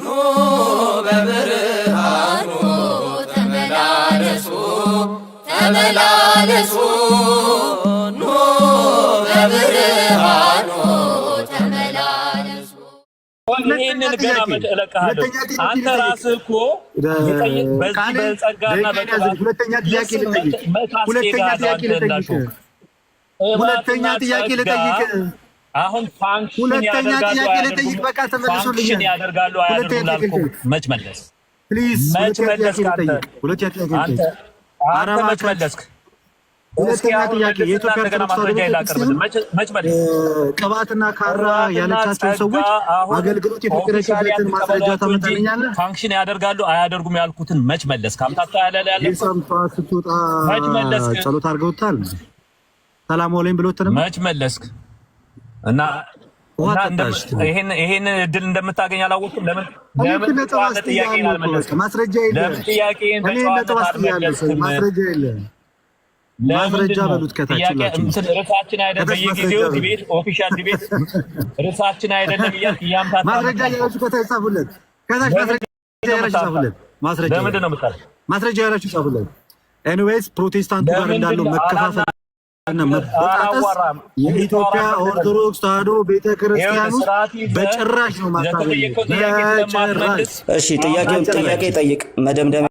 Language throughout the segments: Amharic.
ኑ በብርሃኑ ተመላለሱ ተመላለሱ ኑ በብርሃኑ ይህንን ገና እለቅሃለሁ። አንተ ራስህ እኮ በዚህ በጸጋና ሁለተኛ ጥያቄ ልጠይቅ። ሁለተኛ ጥያቄ ልጠይቅ። አሁን ፋንክሽን ያደርጋሉ ፋንክሽን ያደርጋሉ አያደርጉም ላልኩህ መች መለስ መች መለስክ? አንተ መች መለስክ? ቅባትና ካራ ያለቻቸው ሰዎች አገልግሎት የፈቀደችበትን ማስረጃ ታመጣልኛለህ? ፋንክሽን ያደርጋሉ አያደርጉም ያልኩትን መች መለስክ? አምታታ ያለ ያለ ስትወጣ ጸሎት አድርገውታል። ሰላም ወለኝ ብሎት መች መለስክ? እና ይህን እድል እንደምታገኝ አላወቅም። ለምን ማስረጃ አይደለም። በየጊዜው ዲቤት ኦፊሻል ዲቤት አይደለም እያልክ እያምታታ ማስረጃ ያላችሁ ከታች ጻፉለት። ከታች ማስረጃ ያላችሁ ጻፉለት። ማስረጃ ነው የምታለው? ማስረጃ ያላችሁ ጻፉለት። ኤኒዌይስ ፕሮቴስታንቱ ጋር እንዳለው መከፋፈል የኢትዮጵያ ኦርቶዶክስ ተዋሕዶ ቤተክርስቲያን በጭራሽ ነው ማሳበጭራሽ። ጥያቄ ጠይቅ፣ መደምደም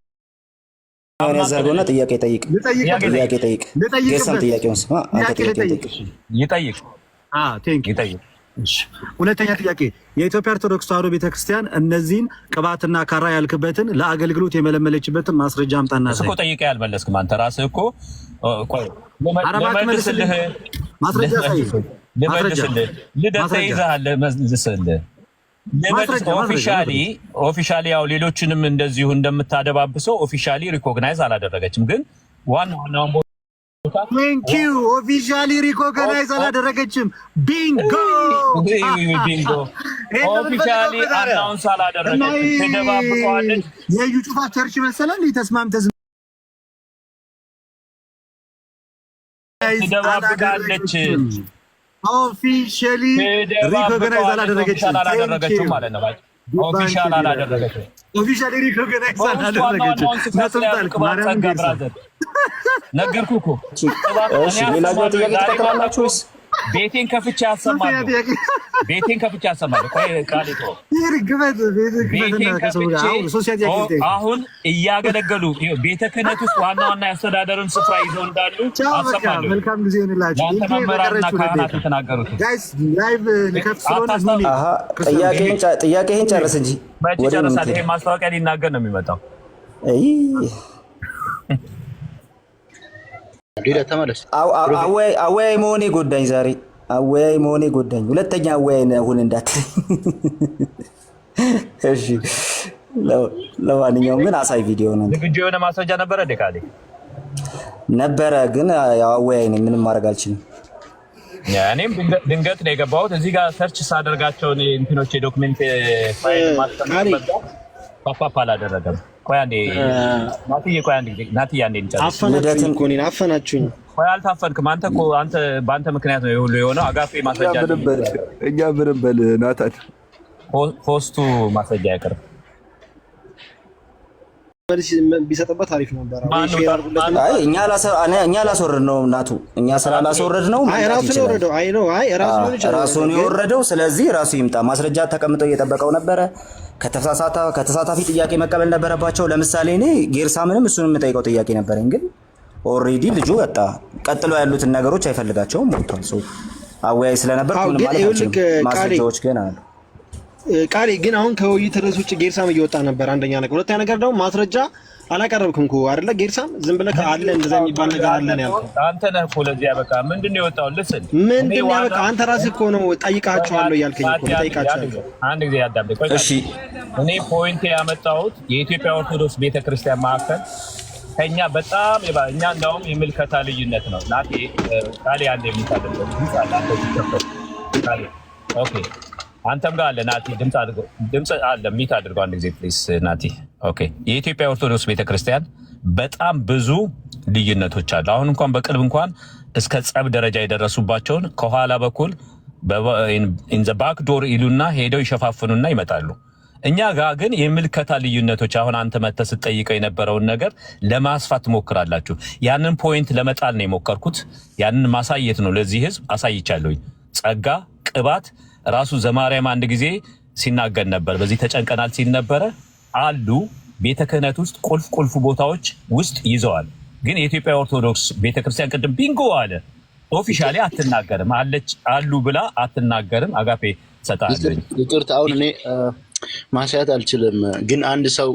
ያዘርገውና ጥያቄ ጠይቅ፣ ጥያቄ ጠይቅ፣ ጌሳም ጥያቄውን ስማ። ሁለተኛ ጥያቄ የኢትዮጵያ ኦርቶዶክስ ቤተክርስቲያን እነዚህን ቅባትና ካራ ያልክበትን ለአገልግሎት የመለመለችበትን ማስረጃ አምጣና ያልመለስክም አንተ ራስህ እኮ ኦፊሻሊ ያው ሌሎችንም እንደዚሁ እንደምታደባብሰው ኦፊሻሊ ሪኮግናይዝ አላደረገችም፣ ግን ዋና ዋናውን ቴንኪው ኦፊሻሊ ሪኮግናይዝ አላደረገችም። ቢንጎ ቢንጎ ኦፊሻሊ አናውንስ አላደረገችም። ተደባብሰዋለች። ቸርች መሰላል ተስማምተዝ ትደባብቃለች። ኦፊሻሊ ሪኮግናይዝ አላደረገችም ማለት ነው። ኦፊሻል አላደረገችም። ኦፊሻሊ ሪኮግናይዝ አላደረገችም። ነጥብ ጣልክ። ቤቴን ከፍቼ አሰማለሁ። ቤቴን ከፍቼ አሰማለሁ። አሁን እያገለገሉ ቤተ ክህነት ውስጥ ዋና ዋና የአስተዳደሩን ስፍራ ይዘው እንዳሉ አሰማለሁ። መልካም ጊዜ ይሁንላችሁ። መምህራንና ካህናት የተናገሩት ጥያቄህን ጨርስ እንጂ መቼ ይሄ ማስታወቂያ ሊናገር ነው የሚመጣው። ሌላ ተመለስ። አወያይ መሆኔ ጎዳኝ ዛሬ አወያይ መሆኔ ጎዳኝ። ሁለተኛ አወያይ ሁን እንዳት። እሺ፣ ለማንኛውም ግን አሳይ ቪዲዮ ነው። ዝግጁ የሆነ ማስረጃ ነበረ እንዴ? ካሌ ነበረ፣ ግን ያው አወያይ ነኝ፣ ምንም ማድረግ አልችልም። እኔም ድንገት ነው የገባሁት። እዚህ ጋር ሰርች ሳደርጋቸውን እንትኖች የዶክሜንት ፋይል ማስቀመጥ ፓፓፓ አላደረገም ቆይ አንዴ ናትዬ፣ ቆይ አንዴ ናትዬ፣ አንዴ እንጨርስ። አፈናችሁኝ። ቆይ አልታፈንክም አንተ እኮ አንተ በአንተ ምክንያት ነው የሁሉ የሆነው። አጋፌ ማስረጃ እኛ ምንም በል ናታን፣ ሆስቱ ማስረጃ አይቀርም ቢሰጥበት አሪፍ ነበር። እኛ አላስወረድ ነው እናቱ እኛ ስራ አላስወረድ ነው ራሱን የወረደው ስለዚህ ራሱ ይምጣ። ማስረጃ ተቀምጠው እየጠበቀው ነበረ ከተሳታፊ ጥያቄ መቀበል ነበረባቸው። ለምሳሌ እኔ ጌርሳ ምንም እሱን የምጠይቀው ጥያቄ ነበረኝ፣ ግን ኦልሬዲ ልጁ ወጣ። ቀጥሎ ያሉትን ነገሮች አይፈልጋቸውም። ወጥቷል። አወያይ ስለነበር ማስረጃዎች ግን አሉ። ቃሪ ግን አሁን ከውይይት ርዕስ ውጭ ጌርሳም እየወጣ ነበር። አንደኛ ነገር፣ ሁለተኛ ነገር ደግሞ ማስረጃ አላቀረብኩም እኮ አይደለ? ጌርሳም ዝም ብለህ አለ እንደዛ የሚባል ነገር አለ ነው ያልኩህ። አንተ ነህ እኮ ለዚህ ያበቃ። ምንድን ነው የወጣው? ልስን ምንድን ነው ያበቃ? አንተ ራስህ እኮ ነው ጠይቃቸዋለሁ እያልከኝ እኮ ጠይቃቸዋለሁ። አንድ ጊዜ ያዳምጥ። እሺ፣ እኔ ፖይንቴ ያመጣሁት የኢትዮጵያ ኦርቶዶክስ ቤተክርስቲያን መካከል ከኛ በጣም ይባ እኛ እንዳውም የምልከታ ልዩነት ነው። ናቴ ቃሌ አንድ የሚታደርገው አንተም ጋር አለ ናቴ ድምፅ አለ ሚት አድርገው አንድ ጊዜ ፕሊስ ናቴ ኦኬ የኢትዮጵያ ኦርቶዶክስ ቤተክርስቲያን በጣም ብዙ ልዩነቶች አሉ። አሁን እንኳን በቅርብ እንኳን እስከ ጸብ ደረጃ የደረሱባቸውን ከኋላ በኩል ኢንዘ ባክ ዶር ይሉና ሄደው ይሸፋፍኑና ይመጣሉ። እኛ ጋ ግን የምልከታ ልዩነቶች አሁን አንተ መተ ስትጠይቀው የነበረውን ነገር ለማስፋት ትሞክራላችሁ። ያንን ፖይንት ለመጣል ነው የሞከርኩት። ያንን ማሳየት ነው ለዚህ ህዝብ አሳይቻለሁኝ። ጸጋ ቅባት ራሱ ዘማርያም አንድ ጊዜ ሲናገር ነበር። በዚህ ተጨንቀናል ሲል ነበረ አሉ። ቤተ ክህነት ውስጥ ቁልፍ ቁልፍ ቦታዎች ውስጥ ይዘዋል። ግን የኢትዮጵያ ኦርቶዶክስ ቤተክርስቲያን ቅድም ቢንጎ አለ ኦፊሻሊ አትናገርም አለች አሉ ብላ አትናገርም። አጋፔ ሰጣለኝ። ይቅርታ አሁን እኔ ማሳየት አልችልም፣ ግን አንድ ሰው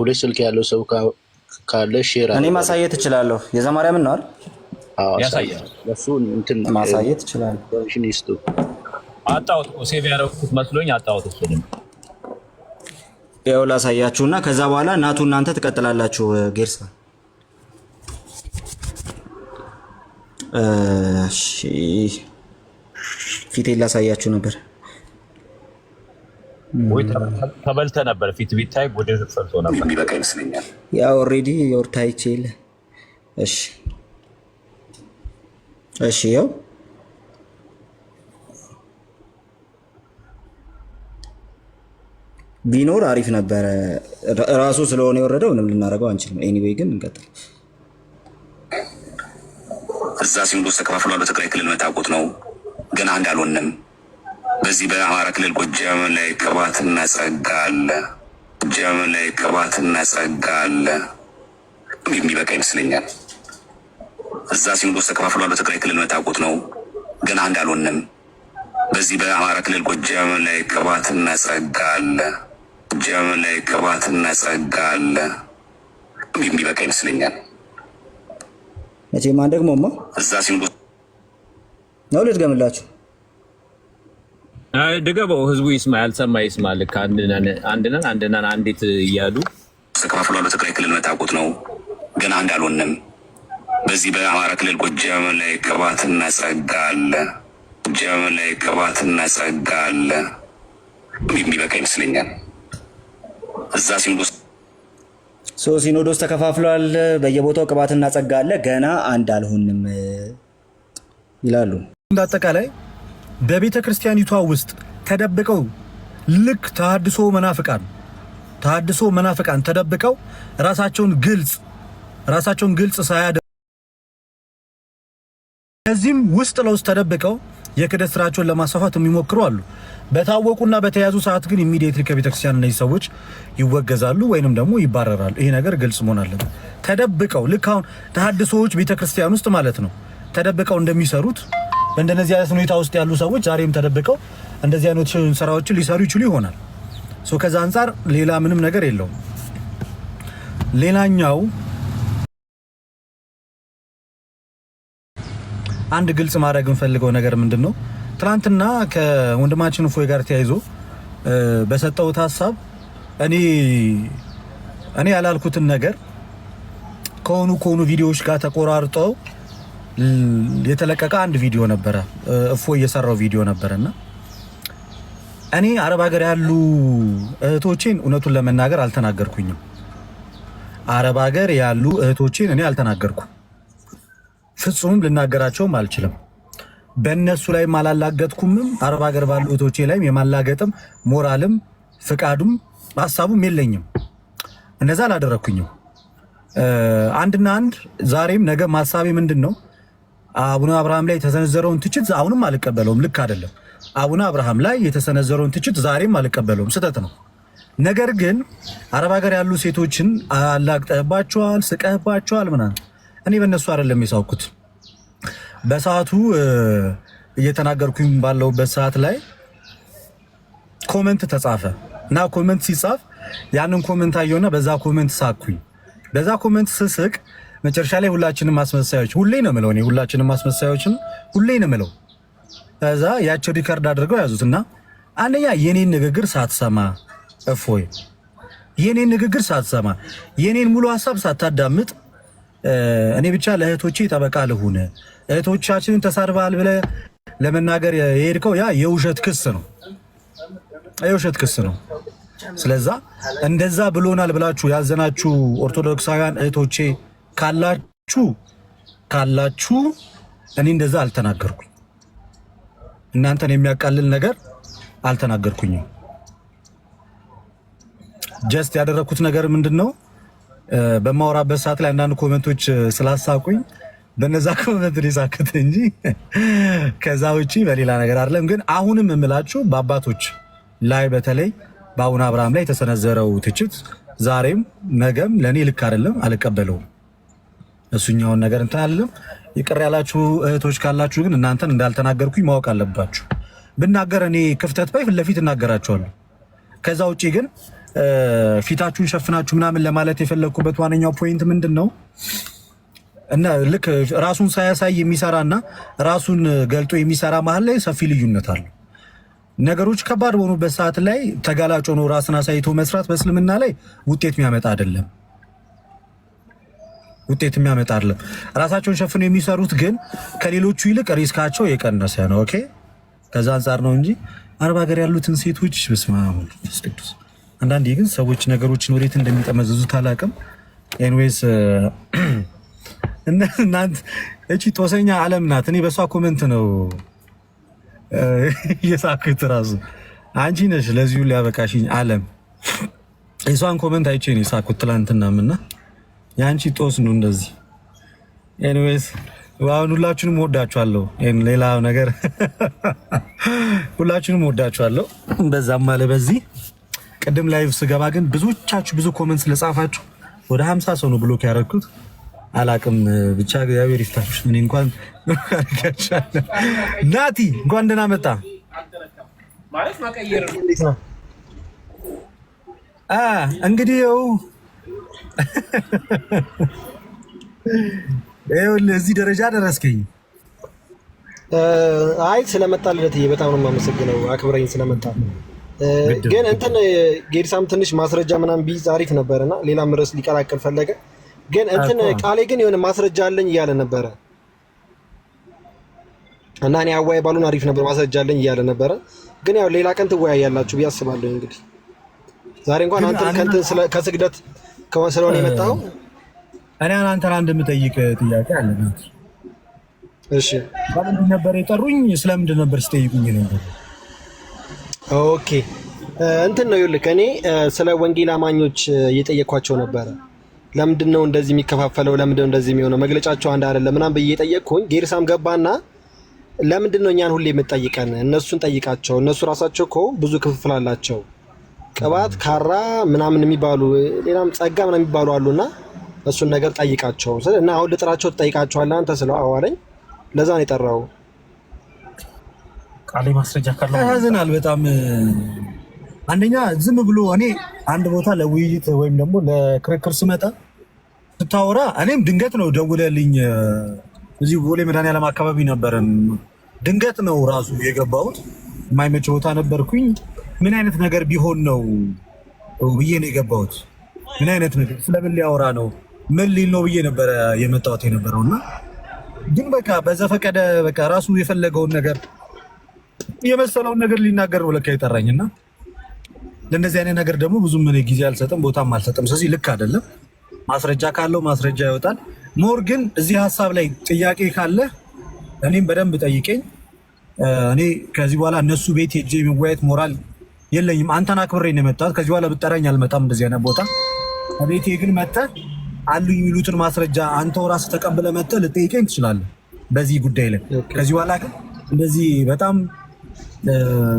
ሁለት ስልክ ያለው ሰው ካለ ሼር እኔ ማሳየት እችላለሁ። የዘማርያም ነው ያሳያል። ማሳየት ይችላል። አጣሁት፣ ሴቭ ያደረኩት መስሎኝ አጣሁት። ያው ላሳያችሁና ከዛ በኋላ ናቱ እናንተ ትቀጥላላችሁ። ጌርሳ እሺ፣ ፊቴ ላሳያችሁ ነበር ወይ ተበልተ ነበር ፊት ቢታይ ወደ ፈልቶ ነበር። የሚበቃ ይመስለኛል። ያው ኦልሬዲ ዮርታይቼ የለ። እሺ፣ እሺ ያው ቢኖር አሪፍ ነበረ። ራሱ ስለሆነ የወረደው ምንም ልናደርገው አንችልም። ኤኒዌይ ግን እንቀጥል። እዛ ሲኖዶስ ተከፋፍሎ በትግራይ ክልል መታቆት ነው። ግን አንድ አልሆንም። በዚህ በአማራ ክልል ጎጃም ላይ ቅባት እናጸጋ አለ። ጎጃም ላይ ቅባት እናጸጋ አለ። የሚበቃ ይመስለኛል። እዛ ሲኖዶስ ተከፋፍሎ በትግራይ ክልል መታቆት ነው። ገና አንድ አልሆንም። በዚህ በአማራ ክልል ጎጃም ላይ ቅባት እናጸጋ አለ። ጀም ላይ ቅባትና ጸጋ አለ የሚበቃ ይመስለኛል። መቼ ማን ደግሞ ማ እዛ ሲሉ ነው። ልድገምላችሁ ድገበው፣ ህዝቡ ይስማ። ያልሰማ ይስማ። ልክ አንድነን አንድነን አንዴት እያሉ ተከፋፍሏል። ትግራይ ክልል መታቁት ነው። ገና አንድ አልሆንም። በዚህ በአማራ ክልል ጎጃም ላይ ቅባትና ጸጋ አለ፣ ጎጃም ላይ ቅባትና ጸጋ አለ የሚበቃ ይመስለኛል። እዛ ሲኖዶስ ሶ ሲኖዶስ ተከፋፍሏል። በየቦታው ቅባትና ጸጋ አለ። ገና አንድ አልሆንም ይላሉ። እንዳጠቃላይ በቤተ ክርስቲያኒቷ ውስጥ ተደብቀው ልክ ተሃድሶ መናፍቃን ተሃድሶ መናፍቃን ተደብቀው ራሳቸውን ግልጽ ራሳቸውን ግልጽ ሳያደ ከዚህም ውስጥ ለውስጥ ተደብቀው የክደት ስራቸውን ለማስፋፋት የሚሞክሩ አሉ። በታወቁና በተያዙ ሰዓት ግን ኢሚዲየትሊ ከቤተክርስቲያን እነዚህ ሰዎች ይወገዛሉ ወይንም ደግሞ ይባረራሉ። ይሄ ነገር ግልጽ መሆን አለበት። ተደብቀው ልክ አሁን ተሀድሶዎች ቤተክርስቲያን ውስጥ ማለት ነው ተደብቀው እንደሚሰሩት በእንደነዚህ አይነት ሁኔታ ውስጥ ያሉ ሰዎች ዛሬም ተደብቀው እንደዚህ አይነት ስራዎችን ሊሰሩ ይችሉ ይሆናል። ከዛ አንጻር ሌላ ምንም ነገር የለውም። ሌላኛው አንድ ግልጽ ማድረግ የምፈልገው ነገር ምንድን ነው፣ ትናንትና ከወንድማችን እፎይ ጋር ተያይዞ በሰጠሁት ሀሳብ እኔ እኔ ያላልኩትን ነገር ከሆኑ ከሆኑ ቪዲዮዎች ጋር ተቆራርጠው የተለቀቀ አንድ ቪዲዮ ነበረ፣ እፎይ የሰራው ቪዲዮ እና እኔ አረብ ሀገር ያሉ እህቶቼን እውነቱን ለመናገር አልተናገርኩኝም። አረብ ሀገር ያሉ እህቶቼን እኔ አልተናገርኩም። ፍጹም ልናገራቸውም አልችልም። በእነሱ ላይም አላላገጥኩምም። አረብ ሀገር ባሉ እህቶቼ ላይም የማላገጥም ሞራልም ፍቃዱም ሀሳቡም የለኝም። እነዛ አላደረግኩኝም። አንድና አንድ ዛሬም ነገ ማሳቤ ምንድን ነው? አቡነ አብርሃም ላይ የተሰነዘረውን ትችት አሁንም አልቀበለውም። ልክ አይደለም። አቡነ አብርሃም ላይ የተሰነዘረውን ትችት ዛሬም አልቀበለውም። ስህተት ነው። ነገር ግን አረብ ሀገር ያሉ ሴቶችን አላግጠህባቸዋል፣ ስቀህባቸዋል ምናምን እኔ በእነሱ አይደለም የሳውኩት። በሰዓቱ እየተናገርኩኝ ባለውበት ሰዓት ላይ ኮመንት ተጻፈ እና ኮመንት ሲጻፍ ያንን ኮመንት አየውና በዛ ኮመንት ሳኩኝ። በዛ ኮመንት ስስቅ መጨረሻ ላይ ሁላችንም ማስመሳዮች ሁሌ ነው ምለው እኔ ሁላችንም ማስመሳዮችን ሁሌ ነው ምለው። ከዛ ያቸው ሪከርድ አድርገው ያዙት እና አንደኛ የኔን ንግግር ሳትሰማ እፎይ፣ የኔን ንግግር ሳትሰማ የኔን ሙሉ ሀሳብ ሳታዳምጥ እኔ ብቻ ለእህቶቼ ጠበቃ ልሁን፣ እህቶቻችንን ተሳድበሃል ብለህ ለመናገር የሄድከው ያ የውሸት ክስ ነው፣ የውሸት ክስ ነው። ስለዛ እንደዛ ብሎናል ብላችሁ ያዘናችሁ ኦርቶዶክሳውያን እህቶቼ ካላችሁ ካላችሁ እኔ እንደዛ አልተናገርኩኝ። እናንተን የሚያቃልል ነገር አልተናገርኩኝም። ጀስት ያደረግኩት ነገር ምንድን ነው? በማወራበት ሰዓት ላይ አንዳንድ ኮመንቶች ስላሳቁኝ በነዛ ኮመንት ሊሳክት እንጂ ከዛ ውጭ በሌላ ነገር አይደለም። ግን አሁንም የምላችሁ በአባቶች ላይ በተለይ በአቡነ አብርሃም ላይ የተሰነዘረው ትችት ዛሬም ነገም ለእኔ ልክ አይደለም፣ አልቀበለውም። እሱኛውን ነገር እንትን አለም። ይቅር ያላችሁ እህቶች ካላችሁ ግን እናንተን እንዳልተናገርኩኝ ማወቅ አለባችሁ። ብናገር እኔ ክፍተት ባይ ፊት ለፊት እናገራቸዋለሁ። ከዛ ውጭ ግን ፊታችሁን ሸፍናችሁ ምናምን ለማለት የፈለግኩበት ዋነኛው ፖይንት ምንድን ነው እና ልክ ራሱን ሳያሳይ የሚሰራና ራሱን ገልጦ የሚሰራ መሀል ላይ ሰፊ ልዩነት አለ። ነገሮች ከባድ በሆኑበት ሰዓት ላይ ተጋላጭ ሆኖ ራስን አሳይቶ መስራት በእስልምና ላይ ውጤት የሚያመጣ አይደለም። ውጤት የሚያመጣ አይደለም። ራሳቸውን ሸፍነው የሚሰሩት ግን ከሌሎቹ ይልቅ ሪስካቸው የቀነሰ ነው። ኦኬ፣ ከዛ አንጻር ነው እንጂ አረብ ሀገር ያሉትን ሴቶች በስመ አብ ወልድ ወመንፈስ ቅዱስ አንዳንዴ ግን ሰዎች ነገሮችን ወዴት እንደሚጠመዘዙት አላውቅም። ኤንዌይስ እናንተ እቺ ጦሰኛ አለም ናት። እኔ በሷ ኮመንት ነው የሳኩት። ራሱ አንቺ ነሽ ለዚሁ ሊያበቃሽኝ አለም። የሷን ኮመንት አይቼ ነው የሳኩት ትላንትና። ምና የአንቺ ጦስ ነው እንደዚህ። ኤንዌይስ አሁን ሁላችሁንም ወዳችኋለሁ። ሌላ ነገር ሁላችሁንም ወዳችኋለሁ። በዛም አለ በዚህ ቅድም ላይ ስገባ ግን ብዙቻችሁ ብዙ ኮመንት ስለጻፋችሁ ወደ ሀምሳ ሰው ነው ብሎክ ያደረግኩት። አላቅም ብቻ እግዚአብሔር ይፍታችሁ። እኔ እንኳን ናቲ እንኳን ደህና መጣ። እንግዲህ ው እዚህ ደረጃ ደረስከኝ። አይ ስለመጣ ልደትዬ በጣም ነው የማመሰግነው፣ አክብረኝ ስለመጣ ግን እንትን ጌድሳም ትንሽ ማስረጃ ምናምን ቢይዝ አሪፍ ነበር እና ሌላም ርዕስ ሊቀላቀል ፈለገ። ግን እንትን ቃሌ ግን የሆነ ማስረጃ አለኝ እያለ ነበረ እና እኔ አዋይ ባሉን አሪፍ ነበር ማስረጃ አለኝ እያለ ነበረ። ግን ያው ሌላ ቀን ትወያያላችሁ ብዬ አስባለሁ። እንግዲህ ዛሬ እንኳን አንተ ከእንትን ከስግደት ስለሆነ የመጣው እኔ አንተን አንድ የምጠይቅ ጥያቄ አለ። እሺ ባለምንድን ነበር የጠሩኝ? ስለምንድን ነበር ስጠይቁኝ ነበር ኦኬ እንትን ነው ይልክ እኔ ስለ ወንጌል አማኞች እየጠየኳቸው ነበረ። ለምንድን ነው እንደዚህ የሚከፋፈለው? ለምንድን ነው እንደዚህ የሚሆነው? መግለጫቸው አንድ አይደለም ምናምን ብዬ እየጠየቅኩኝ ጌርሳም ገባና ለምንድን ነው እኛን ሁሌ የምጠይቀን? እነሱን ጠይቃቸው። እነሱ ራሳቸው እኮ ብዙ ክፍፍል አላቸው። ቅባት ካራ ምናምን የሚባሉ ሌላም ጸጋ ምናምን የሚባሉ አሉና እሱን ነገር ጠይቃቸው እና አሁን ልጥራቸው ትጠይቃቸዋለህ አንተ ስለ አዋለኝ ለዛ ነው የጠራው ቃል ማስረጃ ካለ ያዝናል። በጣም አንደኛ ዝም ብሎ እኔ አንድ ቦታ ለውይይት ወይም ደግሞ ለክርክር ስመጣ ስታወራ እኔም ድንገት ነው ደውለልኝ። እዚህ ቦሌ መድኃኒዓለም አካባቢ ነበረን ድንገት ነው ራሱ የገባሁት። የማይመች ቦታ ነበርኩኝ። ምን አይነት ነገር ቢሆን ነው ብዬ ነው የገባሁት። ምን አይነት ነገር ስለምን ሊያወራ ነው ምን ሊል ነው ብዬ ነበረ የመጣሁት የነበረው እና ግን በቃ በዘፈቀደ በቃ ራሱ የፈለገውን ነገር የመሰለውን ነገር ሊናገር ነው ለካ የጠራኝና ለእነዚህ አይነት ነገር ደግሞ ብዙም እኔ ጊዜ አልሰጥም፣ ቦታም አልሰጥም። ስለዚህ ልክ አይደለም። ማስረጃ ካለው ማስረጃ ይወጣል። ሞር ግን እዚህ ሀሳብ ላይ ጥያቄ ካለ እኔም በደንብ ጠይቀኝ። እኔ ከዚህ በኋላ እነሱ ቤት ሄጄ የመወያየት ሞራል የለኝም። አንተን አክብሬ ነው የመጣሁት። ከዚህ በኋላ ብጠራኝ አልመጣም እንደዚህ አይነት ቦታ። ከቤቴ ግን መጥተህ አሉኝ የሚሉትን ማስረጃ አንተው ራስህ ተቀብለህ መጥተህ ልጠይቀኝ ትችላለህ በዚህ ጉዳይ ላይ። ከዚህ በኋላ ግን እንደዚህ በጣም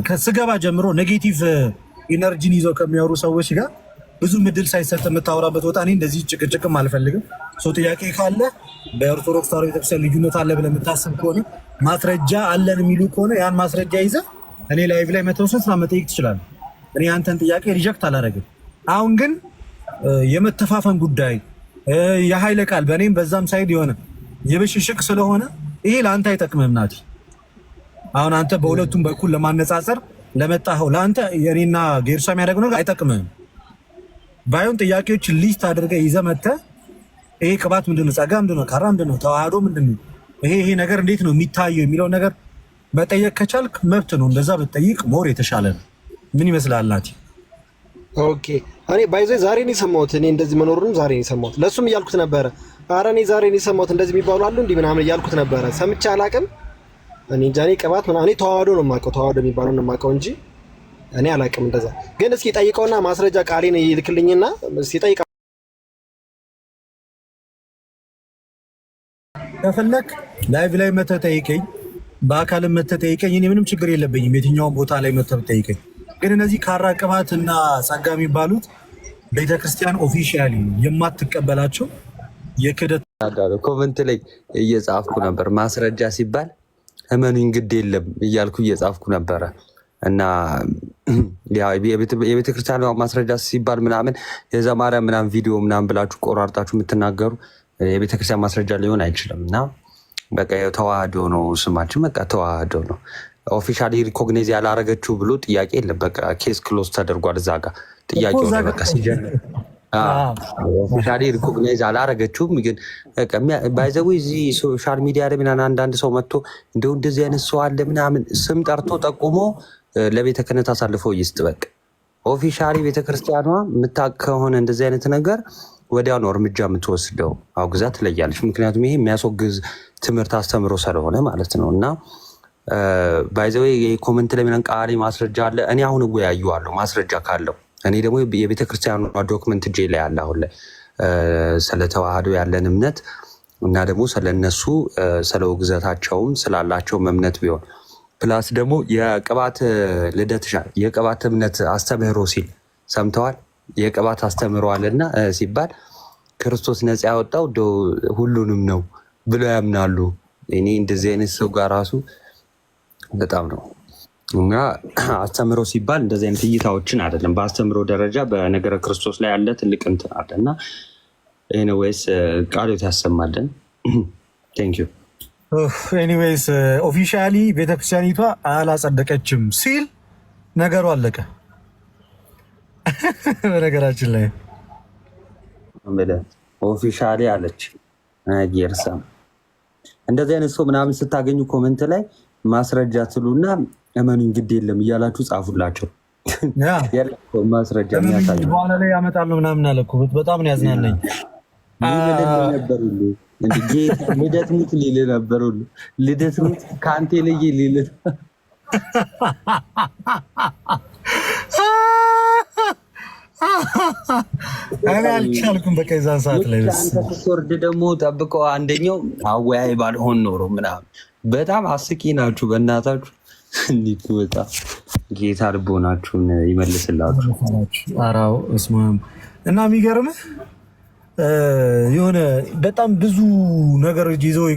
ከስገባ ጀምሮ ኔጌቲቭ ኢነርጂን ይዘው ከሚያወሩ ሰዎች ጋር ብዙ ምድል ሳይሰጥ የምታወራበት ቦታ እኔ እንደዚህ ጭቅጭቅም አልፈልግም። ሰው ጥያቄ ካለ በኦርቶዶክስ ተዋሕዶ ቤተክርስቲያን ልዩነት አለ ብለህ የምታስብ ከሆነ ማስረጃ አለን የሚሉ ከሆነ ያን ማስረጃ ይዘህ እኔ ላይቭ ላይ መተውሰን ስራ መጠየቅ ትችላለህ። እኔ አንተን ጥያቄ ሪጀክት አላደረግም። አሁን ግን የመተፋፈን ጉዳይ የኃይለ ቃል በእኔም በዛም ሳይድ የሆነ የብሽሽቅ ስለሆነ ይሄ ለአንተ አይጠቅምም ናት አሁን አንተ በሁለቱም በኩል ለማነጻጸር ለመጣኸው ለአንተ የኔና ጌርሷ የሚያደርግ ነገር አይጠቅምም። ባይሆን ጥያቄዎች ሊስት አድርገህ ይዘህ መጥተህ ይሄ ቅባት ምንድነው? ጸጋ ምንድነው? ካራ ምንድነው? ተዋህዶ ምንድነው? ይሄ ይሄ ነገር እንዴት ነው የሚታየው የሚለው ነገር መጠየቅ ከቻልክ መብት ነው። እንደዛ ብትጠይቅ ሞር የተሻለ ነው። ምን ይመስላል ናቲ? ኦኬ እኔ ባይዘ ዛሬ ነው የሰማሁት። እኔ እንደዚህ መኖሩንም ዛሬ ነው የሰማሁት። ለእሱም እያልኩት ነበረ። አረ እኔ ዛሬ ነው የሰማሁት እንደዚህ የሚባሉ አሉ እንዲህ ምናምን እያልኩት ነበረ። ሰምቼ አላቅም እኔ እንጃ እኔ ቅባት ምናምን እኔ ተዋህዶ ነው የማውቀው ተዋህዶ የሚባለው ነው የማውቀው እንጂ እኔ አላውቅም። እንደዛ ግን እስኪ ጠይቀውና ማስረጃ ቃሌን ይልክልኝና ሲጠይቀው ከፈለክ ላይቭ ላይ መተህ ጠይቀኝ፣ በአካልም መተህ ጠይቀኝ። እኔ ምንም ችግር የለብኝም። የትኛውን ቦታ ላይ መተህ ጠይቀኝ። ግን እነዚህ ካራ ቅባት እና ጸጋ የሚባሉት ቤተክርስቲያን ኦፊሻሊ የማትቀበላቸው የክደት ኮመንት ላይ እየጻፍኩ ነበር ማስረጃ ሲባል እመኑኝ ግድ የለም እያልኩ እየጻፍኩ ነበረ እና የቤተክርስቲያን ማስረጃ ሲባል ምናምን የዘማሪያ ምናምን ቪዲዮ ምናምን ብላችሁ ቆራርጣችሁ የምትናገሩ የቤተክርስቲያን ማስረጃ ሊሆን አይችልም። እና በቃ ተዋህዶ ነው ስማችን፣ በቃ ተዋህዶ ነው። ኦፊሻሊ ሪኮግኔዝ ያላረገችው ብሎ ጥያቄ የለም። በቃ ኬስ ክሎዝ ተደርጓል። እዛ ጋር ጥያቄ በቃ ሲጀምር ኦፊሻሊ ሪኮግናይዝ አላረገችውም። ግን ባይዘዊ እዚህ ሶሻል ሚዲያ ላይ ምናምን አንዳንድ ሰው መጥቶ እንደው እንደዚህ አይነት ሰው አለ ምናምን ስም ጠርቶ ጠቁሞ ለቤተ ክህነት አሳልፈው ይስጥ። በቃ ኦፊሻሊ ቤተክርስቲያኗ የምታውቅ ከሆነ እንደዚህ አይነት ነገር ወዲያው ነው እርምጃ የምትወስደው። አውግዛ ትለያለች። ምክንያቱም ይሄ የሚያስወግዝ ትምህርት አስተምሮ ስለሆነ ማለት ነው። እና ባይዘዌ ኮመንት ለሚለን ቃሪ ማስረጃ አለ እኔ አሁን እወያየዋለሁ ማስረጃ ካለው እኔ ደግሞ የቤተ ክርስቲያኗ ዶክመንት እጄ ላይ አለ አሁን ላይ ስለ ተዋህዶ ያለን እምነት እና ደግሞ ስለነሱ ስለ ውግዘታቸውም ስላላቸው እምነት ቢሆን ፕላስ ደግሞ የቅባት ልደት የቅባት እምነት አስተምህሮ ሲል ሰምተዋል። የቅባት አለና ሲባል ክርስቶስ ነፃ ያወጣው ሁሉንም ነው ብለው ያምናሉ። እኔ እንደዚህ አይነት ሰው ጋር ራሱ በጣም ነው እና አስተምሮ ሲባል እንደዚህ አይነት እይታዎችን አይደለም። በአስተምሮ ደረጃ በነገረ ክርስቶስ ላይ ያለ ትልቅ እንትን አለ እና ይህን ወይስ ቃሎት ያሰማለን። ቴንክ ዩ ኤኒዌይስ ኦፊሻሊ ቤተክርስቲያኒቷ አላጸደቀችም ሲል ነገሩ አለቀ። በነገራችን ላይ ኦፊሻሊ አለች ጌርሳ እንደዚህ አይነት ሰው ምናምን ስታገኙ ኮመንት ላይ ማስረጃ ትሉና እመኑኝ ግድ የለም እያላችሁ ጻፉላቸው። ማስረጃ በኋላ ላይ ያመጣሉ ምናምን አለ በጣም ነው ያዝናለኝ። ልደት ሙት ሊል ነበር ሁሉ ልደት ሙት ከአንተ የለየ ሊል እኔ አልቻልኩም። በቃ የዛን ሰዓት ላይ ስወርድ ደግሞ ጠብቀው አንደኛው አወያይ ባልሆን ኖሮ ምናምን በጣም አስቂ ናችሁ በእናታችሁ እንዲቱ በጣም ጌታ ልቦናችሁን ይመልስላችሁ። አራው እስማም እና የሚገርም የሆነ በጣም ብዙ ነገር ይዘው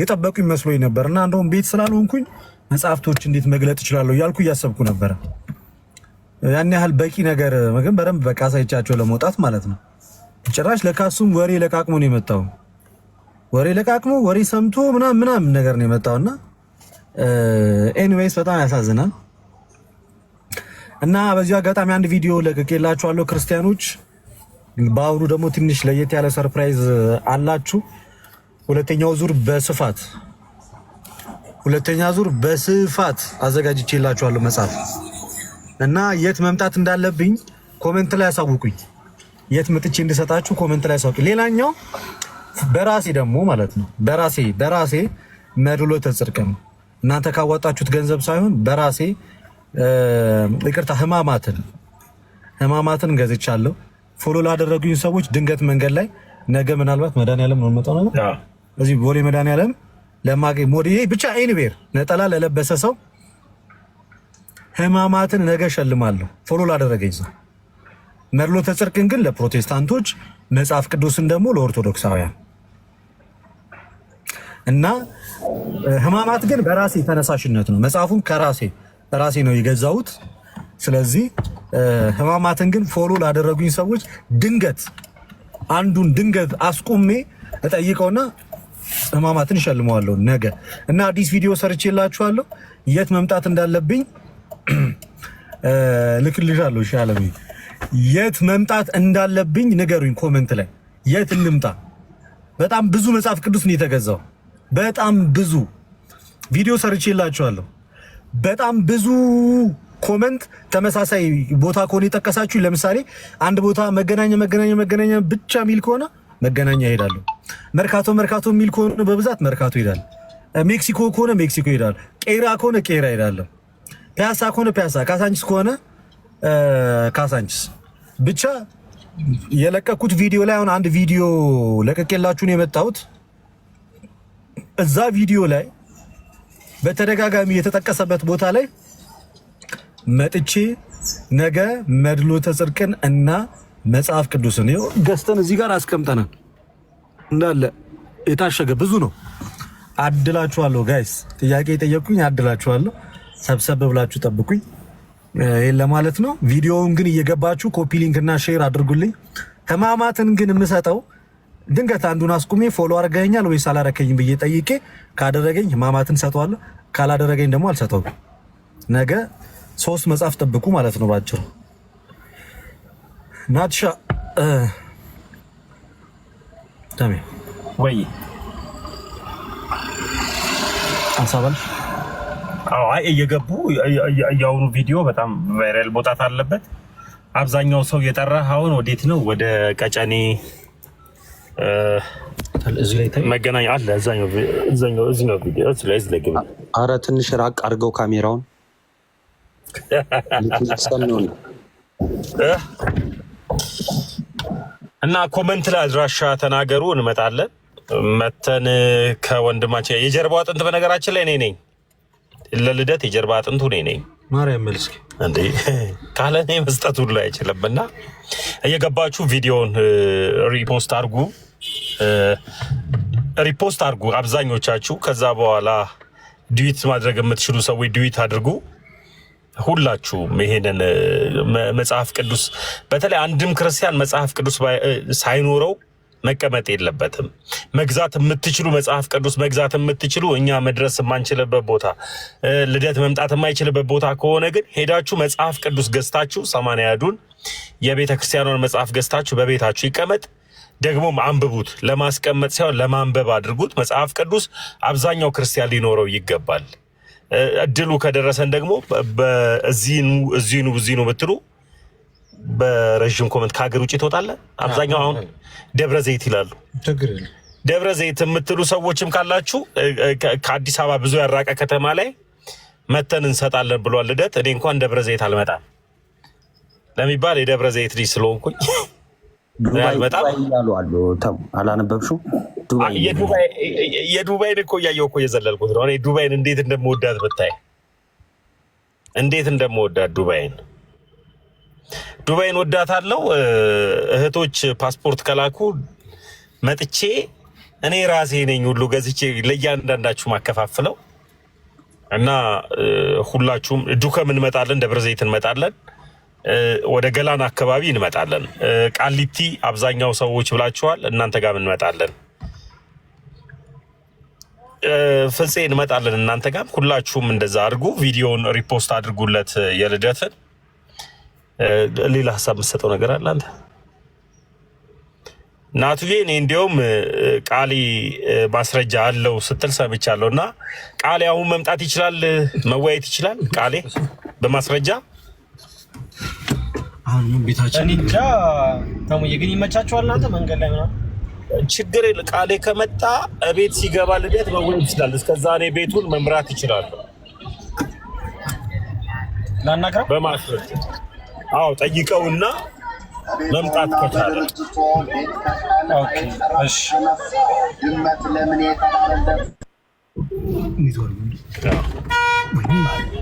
የጠበቁ ይመስሎኝ ነበር እና እንደውም ቤት ስላልሆንኩኝ መጽሐፍቶች እንዴት መግለጥ እችላለሁ እያልኩ እያሰብኩ ነበረ። ያን ያህል በቂ ነገር ግን በደንብ በቃ ለመውጣት ማለት ነው። ጭራሽ ለካሱም ወሬ ለቃቅሞ ነው የመጣው። ወሬ ለቃቅሞ ወሬ ሰምቶ ምናምን ምናምን ነገር ነው የመጣውና ኤኒዌይስ በጣም ያሳዝናል። እና በዚሁ አጋጣሚ አንድ ቪዲዮ ለቅቄላችኋለሁ ክርስቲያኖች። በአሁኑ ደግሞ ትንሽ ለየት ያለ ሰርፕራይዝ አላችሁ። ሁለተኛው ዙር በስፋት ሁለተኛ ዙር በስፋት አዘጋጅቼላችኋለሁ መጽሐፍ እና የት መምጣት እንዳለብኝ ኮሜንት ላይ ያሳውቁኝ። የት መጥቼ እንድሰጣችሁ ኮሜንት ላይ ያሳውቁኝ። ሌላኛው በራሴ ደግሞ ማለት ነው በራሴ በራሴ መድሎ ጽድቅ ነው እናንተ ካዋጣችሁት ገንዘብ ሳይሆን በራሴ ይቅርታ ህማማትን ህማማትን ገዝቻለሁ። ፎሎ ላደረጉኝ ሰዎች ድንገት መንገድ ላይ ነገ ምናልባት መድኃኒዓለም ነው መጣ ነገር እዚህ ቦሌ መድኃኒዓለም ለማገኝ ሞድዬ ብቻ ኤኒዌር ነጠላ ለለበሰ ሰው ህማማትን ነገ ሸልማለሁ። ፎሎ ላደረገኝ ሰው። መድሎተ ተጽርቅን ግን ለፕሮቴስታንቶች መጽሐፍ ቅዱስን ደግሞ ለኦርቶዶክሳውያን እና ህማማት ግን በራሴ ተነሳሽነት ነው። መጽሐፉን ከራሴ ራሴ ነው የገዛሁት። ስለዚህ ህማማትን ግን ፎሎ ላደረጉኝ ሰዎች ድንገት አንዱን ድንገት አስቁሜ እጠይቀውና ህማማትን እሸልመዋለሁ ነገ እና አዲስ ቪዲዮ ሰርቼ የላችኋለሁ። የት መምጣት እንዳለብኝ ልክልሻለሁ። ሻለሚ የት መምጣት እንዳለብኝ ንገሩኝ ኮመንት ላይ የት እንምጣ። በጣም ብዙ መጽሐፍ ቅዱስ ነው የተገዛው። በጣም ብዙ ቪዲዮ ሰርቼላችኋለሁ። በጣም ብዙ ኮመንት ተመሳሳይ ቦታ ከሆነ የጠቀሳችሁ ለምሳሌ አንድ ቦታ መገናኛ መገናኛ መገናኛ ብቻ የሚል ከሆነ መገናኛ ሄዳለሁ። መርካቶ መርካቶ የሚል ከሆነ በብዛት መርካቶ ይሄዳል። ሜክሲኮ ከሆነ ሜክሲኮ ይሄዳል። ቄራ ከሆነ ቄራ ሄዳለሁ። ፒያሳ ከሆነ ፒያሳ፣ ካሳንችስ ከሆነ ካሳንችስ። ብቻ የለቀኩት ቪዲዮ ላይ አሁን አንድ ቪዲዮ ነው የመጣሁት እዛ ቪዲዮ ላይ በተደጋጋሚ የተጠቀሰበት ቦታ ላይ መጥቼ ነገ መድሎተ ጽድቅን እና መጽሐፍ ቅዱስን ገዝተን እዚህ ጋር አስቀምጠናል እንዳለ የታሸገ ብዙ ነው። አድላችኋለሁ ጋይስ፣ ጥያቄ የጠየቅኩኝ አድላችኋለሁ። ሰብሰብ ብላችሁ ጠብቁኝ። ይህን ለማለት ነው። ቪዲዮውን ግን እየገባችሁ ኮፒ ሊንክ እና ሼር አድርጉልኝ። ህማማትን ግን የምሰጠው ድንገት አንዱን አስቁሜ ፎሎ አርገኛል ወይስ አላረከኝም ብዬ ጠይቄ ካደረገኝ ህማማትን ሰጠዋለሁ፣ ካላደረገኝ ደግሞ አልሰጠውም። ነገ ሶስት መጽሐፍ ጠብቁ ማለት ነው ባጭሩ። ናትሻ ተሜ ወይ አሳባል አይ እየገቡ የአሁኑ ቪዲዮ በጣም ቫይራል መውጣት አለበት። አብዛኛው ሰው የጠራ አሁን ወዴት ነው? ወደ ቀጨኔ መገናኛ አለ። እዛኛው እዚኛው ቪዲዮ ላይ እዚህ አረ ትንሽ ራቅ አድርገው ካሜራውን እና ኮመንት ላይ አድራሻ ተናገሩ፣ እንመጣለን። መተን ከወንድማችን የጀርባው አጥንት በነገራችን ላይ እኔ ነኝ። ለልደት የጀርባ አጥንቱ እኔ ነኝ። ማርያም መልስ እንዴ ካለ እኔ መስጠት ሁሉ አይችልም እና እየገባችሁ ቪዲዮን ሪፖስት አርጉ፣ ሪፖስት አርጉ አብዛኞቻችሁ። ከዛ በኋላ ድዊት ማድረግ የምትችሉ ሰዎች ድዊት አድርጉ። ሁላችሁም ይሄንን መጽሐፍ ቅዱስ በተለይ አንድም ክርስቲያን መጽሐፍ ቅዱስ ሳይኖረው መቀመጥ የለበትም። መግዛት የምትችሉ መጽሐፍ ቅዱስ መግዛት የምትችሉ እኛ መድረስ የማንችልበት ቦታ ልደት መምጣት የማይችልበት ቦታ ከሆነ ግን ሄዳችሁ መጽሐፍ ቅዱስ ገዝታችሁ ሰማንያ የቤተ ክርስቲያኗን መጽሐፍ ገዝታችሁ በቤታችሁ ይቀመጥ። ደግሞም አንብቡት። ለማስቀመጥ ሳይሆን ለማንበብ አድርጉት። መጽሐፍ ቅዱስ አብዛኛው ክርስቲያን ሊኖረው ይገባል። እድሉ ከደረሰን ደግሞ እዚኑ እዚኑ እዚኑ ብትሉ በረዥም ኮመንት ከሀገር ውጭ ትወጣለ። አብዛኛው አሁን ደብረ ዘይት ይላሉ። ደብረ ዘይት የምትሉ ሰዎችም ካላችሁ ከአዲስ አበባ ብዙ ያራቀ ከተማ ላይ መተን እንሰጣለን ብሏል ልደት። እኔ እንኳን ደብረ ዘይት አልመጣም። ለሚባል የደብረ ዘይት ልጅ ስለሆንኩኝ የዱባይን እኮ እያየሁ እኮ እየዘለልኩት ነው። ዱባይን እንዴት እንደምወዳት ብታይ፣ እንዴት እንደምወዳት ዱባይን ዱባይን ወዳታለሁ። እህቶች ፓስፖርት ከላኩ መጥቼ እኔ ራሴ ነኝ ሁሉ ገዝቼ ለእያንዳንዳችሁ ማከፋፍለው እና ሁላችሁም ዱከም እንመጣለን፣ ደብረ ዘይት እንመጣለን። ወደ ገላን አካባቢ እንመጣለን። ቃሊቲ አብዛኛው ሰዎች ብላችኋል። እናንተ ጋር እንመጣለን። ፍጼ እንመጣለን። እናንተ ጋር ሁላችሁም እንደዛ አድርጉ። ቪዲዮውን ሪፖስት አድርጉለት የልደትን። ሌላ ሀሳብ የምትሰጠው ነገር አለ አንተ ናቱዬ? እኔ እንዲያውም ቃሊ ማስረጃ አለው ስትል ሰምቻለሁ። እና ቃሌ አሁን መምጣት ይችላል፣ መወያየት ይችላል። ቃሌ በማስረጃ አሁን ቤታችን እንጃ ተሙዬ ግን ይመቻችኋል። እናንተ መንገድ ላይ ምናምን ችግር የለ ቃሌ ከመጣ ቤት ሲገባ ልደት መወን ይችላል። እስከዛ እኔ ቤቱን መምራት ይችላል። ላናግረው በማስረጃ አዎ፣ ጠይቀውና መምጣት ከቻለ ኦኬ። እሺ ይመት ለምን